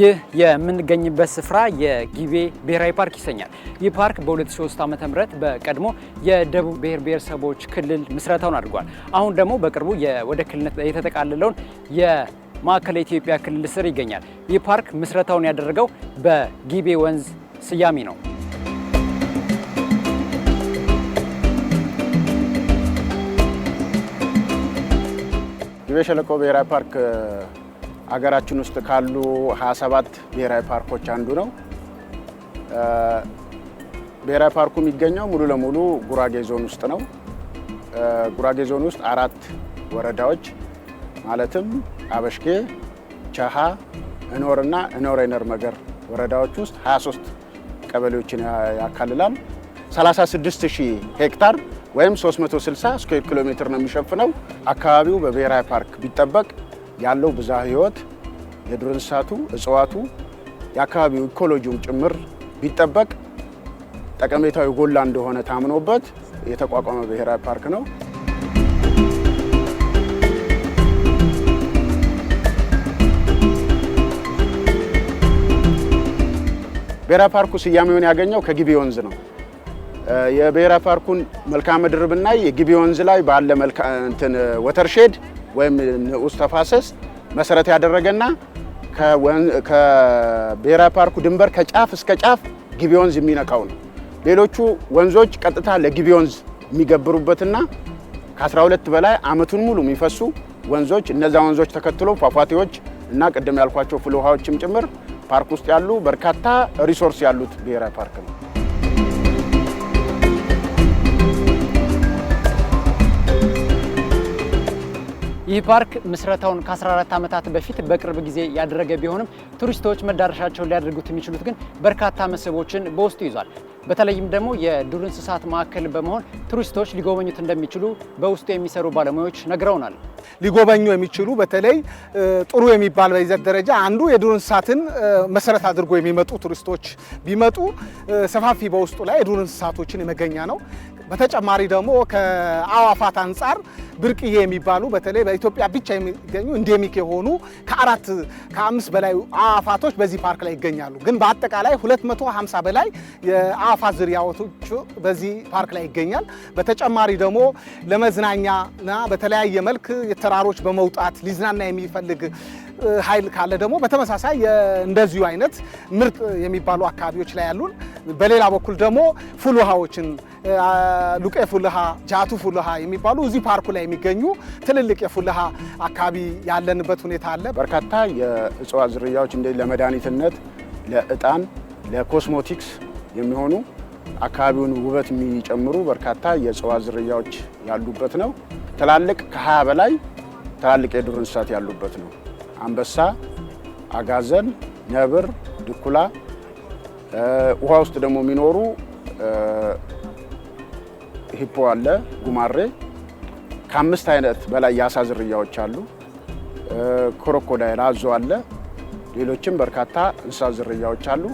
ይህ የምንገኝበት ስፍራ የጊቤ ብሔራዊ ፓርክ ይሰኛል። ይህ ፓርክ በ2003 ዓ ም በቀድሞ የደቡብ ብሔር ብሔረሰቦች ክልል ምስረታውን አድርጓል። አሁን ደግሞ በቅርቡ ወደ ክልልነት የተጠቃለለውን የማዕከላዊ ኢትዮጵያ ክልል ስር ይገኛል። ይህ ፓርክ ምስረታውን ያደረገው በጊቤ ወንዝ ስያሜ ነው። ጊቤ ሸለቆ ብሔራዊ ፓርክ አገራችን ውስጥ ካሉ 27 ብሔራዊ ፓርኮች አንዱ ነው። ብሔራዊ ፓርኩ የሚገኘው ሙሉ ለሙሉ ጉራጌ ዞን ውስጥ ነው። ጉራጌ ዞን ውስጥ አራት ወረዳዎች ማለትም አበሽጌ፣ ቸሃ፣ እኖርና እኖሬነር መገር ወረዳዎች ውስጥ 23 ቀበሌዎችን ያካልላል። ሺ ሄክታር ወይም 360 ስኩዌር ኪሎ ሜትር ነው የሚሸፍነው። አካባቢው በብሔራዊ ፓርክ ቢጠበቅ ያለው ብዝሃ ህይወት የዱር እንስሳቱ፣ እጽዋቱ፣ የአካባቢው ኢኮሎጂው ጭምር ቢጠበቅ ጠቀሜታው የጎላ እንደሆነ ታምኖበት የተቋቋመ ብሔራዊ ፓርክ ነው። ብሔራዊ ፓርኩ ስያሜውን ያገኘው ከግቢ ወንዝ ነው። የብሔራዊ ፓርኩን መልክዓ ምድር ብናይ የግቢ ወንዝ ላይ ባለ ወተርሼድ ወይም ንዑስ ተፋሰስ መሰረት ያደረገና ከብሔራዊ ፓርኩ ድንበር ከጫፍ እስከ ጫፍ ግቢ ወንዝ የሚነካው ነው። ሌሎቹ ወንዞች ቀጥታ ለግቢ ወንዝ የሚገብሩበትና ከ12 በላይ አመቱን ሙሉ የሚፈሱ ወንዞች እነዛ ወንዞች ተከትሎ ፏፏቴዎች እና ቅድም ያልኳቸው ፍል ውሃዎችም ጭምር ፓርክ ውስጥ ያሉ በርካታ ሪሶርስ ያሉት ብሔራዊ ፓርክ ነው። ይህ ፓርክ ምስረታውን ከ14 ዓመታት በፊት በቅርብ ጊዜ ያደረገ ቢሆንም ቱሪስቶች መዳረሻቸውን ሊያደርጉት የሚችሉት ግን በርካታ መስህቦችን በውስጡ ይዟል። በተለይም ደግሞ የዱር እንስሳት ማዕከል በመሆን ቱሪስቶች ሊጎበኙት እንደሚችሉ በውስጡ የሚሰሩ ባለሙያዎች ነግረውናል። ሊጎበኙ የሚችሉ በተለይ ጥሩ የሚባል በይዘት ደረጃ አንዱ የዱር እንስሳትን መሰረት አድርጎ የሚመጡ ቱሪስቶች ቢመጡ ሰፋፊ በውስጡ ላይ የዱር እንስሳቶችን የመገኛ ነው። በተጨማሪ ደግሞ ከአዋፋት አንጻር ብርቅዬ የሚባሉ በተለይ በኢትዮጵያ ብቻ የሚገኙ ኢንዴሚክ የሆኑ ከአራት ከአምስት በላይ አዋፋቶች በዚህ ፓርክ ላይ ይገኛሉ። ግን በአጠቃላይ 250 በላይ የአዋፋት ዝርያዎቶች በዚህ ፓርክ ላይ ይገኛል። በተጨማሪ ደግሞ ለመዝናኛና በተለያየ መልክ የተራሮች በመውጣት ሊዝናና የሚፈልግ ኃይል ካለ ደግሞ በተመሳሳይ እንደዚሁ አይነት ምርጥ የሚባሉ አካባቢዎች ላይ ያሉን በሌላ በኩል ደግሞ ፉል ውሃዎችን ሉቄ ፉልሃ፣ ጃቱ ፉልሃ የሚባሉ እዚህ ፓርኩ ላይ የሚገኙ ትልልቅ የፉልሃ አካባቢ ያለንበት ሁኔታ አለ። በርካታ የእጽዋት ዝርያዎች እንደ ለመድኃኒትነት፣ ለእጣን፣ ለኮስሞቲክስ የሚሆኑ አካባቢውን ውበት የሚጨምሩ በርካታ የእጽዋት ዝርያዎች ያሉበት ነው። ትላልቅ ከ20 በላይ ትላልቅ የዱር እንስሳት ያሉበት ነው። አንበሳ፣ አጋዘን፣ ነብር፣ ድኩላ ውሃ ውስጥ ደግሞ የሚኖሩ ሂፖ አለ፣ ጉማሬ ከአምስት አይነት በላይ የአሳ ዝርያዎች አሉ። ክሮኮዳይል አዞ አለ። ሌሎችም በርካታ እንስሳ ዝርያዎች አሉ።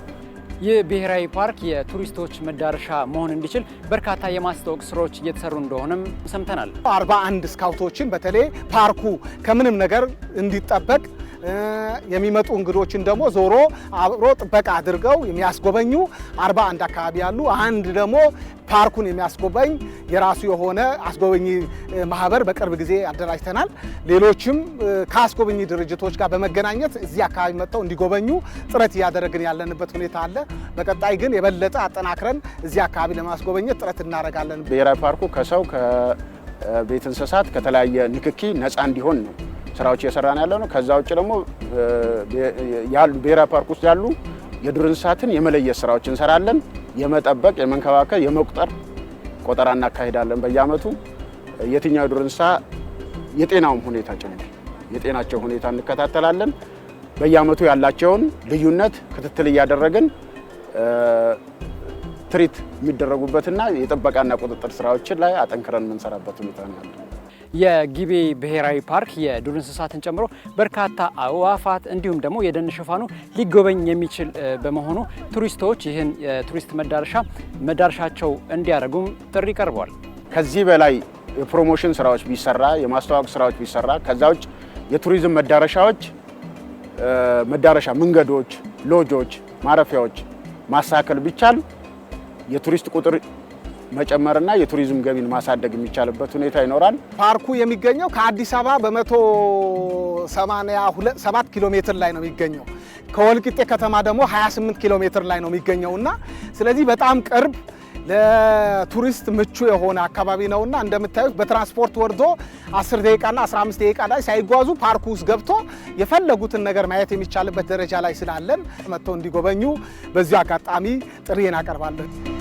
ይህ ብሔራዊ ፓርክ የቱሪስቶች መዳረሻ መሆን እንዲችል በርካታ የማስታወቅ ስራዎች እየተሰሩ እንደሆነም ሰምተናል። አርባ አንድ ስካውቶችን በተለይ ፓርኩ ከምንም ነገር እንዲጠበቅ የሚመጡ እንግዶችን ደግሞ ዞሮ አብሮ ጥበቃ አድርገው የሚያስጎበኙ አርባ አንድ አካባቢ ያሉ አንድ ደግሞ ፓርኩን የሚያስጎበኝ የራሱ የሆነ አስጎበኝ ማህበር በቅርብ ጊዜ አደራጅተናል። ሌሎችም ከአስጎበኝ ድርጅቶች ጋር በመገናኘት እዚህ አካባቢ መጥተው እንዲጎበኙ ጥረት እያደረግን ያለንበት ሁኔታ አለ። በቀጣይ ግን የበለጠ አጠናክረን እዚህ አካባቢ ለማስጎበኘት ጥረት እናደርጋለን። ብሔራዊ ፓርኩ ከሰው ከቤት እንስሳት ከተለያየ ንክኪ ነፃ እንዲሆን ነው ስራዎች እየሰራን ያለ ነው። ከዛ ውጭ ደግሞ ያሉ ብሔራዊ ፓርክ ውስጥ ያሉ የዱር እንስሳትን የመለየት ስራዎች እንሰራለን። የመጠበቅ፣ የመንከባከብ፣ የመቁጠር ቆጠራ እናካሄዳለን በየአመቱ የትኛው የዱር እንስሳ የጤናውም ሁኔታ ጭምር የጤናቸው ሁኔታ እንከታተላለን። በየአመቱ ያላቸውን ልዩነት ክትትል እያደረግን ትሪት የሚደረጉበትና የጥበቃና ቁጥጥር ስራዎችን ላይ አጠንክረን የምንሰራበት ሁኔታ ነው። የጊቤ ብሔራዊ ፓርክ የዱር እንስሳትን ጨምሮ በርካታ አዕዋፋት እንዲሁም ደግሞ የደን ሽፋኑ ሊጎበኝ የሚችል በመሆኑ ቱሪስቶች ይህን የቱሪስት መዳረሻ መዳረሻቸው እንዲያደርጉም ጥሪ ቀርቧል። ከዚህ በላይ የፕሮሞሽን ስራዎች ቢሰራ፣ የማስተዋወቅ ስራዎች ቢሰራ ከዛ ውጭ የቱሪዝም መዳረሻዎች መዳረሻ መንገዶች፣ ሎጆች፣ ማረፊያዎች ማሳከል ቢቻል የቱሪስት ቁጥር መጨመርና የቱሪዝም ገቢን ማሳደግ የሚቻልበት ሁኔታ ይኖራል። ፓርኩ የሚገኘው ከአዲስ አበባ በመቶ ሰማንያ ሰባት ኪሎ ሜትር ላይ ነው የሚገኘው። ከወልቂጤ ከተማ ደግሞ 28 ኪሎ ሜትር ላይ ነው የሚገኘው እና ስለዚህ በጣም ቅርብ ለቱሪስት ምቹ የሆነ አካባቢ እና እንደምታዩት በትራንስፖርት ወርዶ 10 ደቂቃና 15 ደቂቃ ላይ ሳይጓዙ ፓርኩ ውስጥ ገብቶ የፈለጉትን ነገር ማየት የሚቻልበት ደረጃ ላይ ስላለን መጥተው እንዲጎበኙ በዚሁ አጋጣሚ ጥሪዬን አቀርባለን።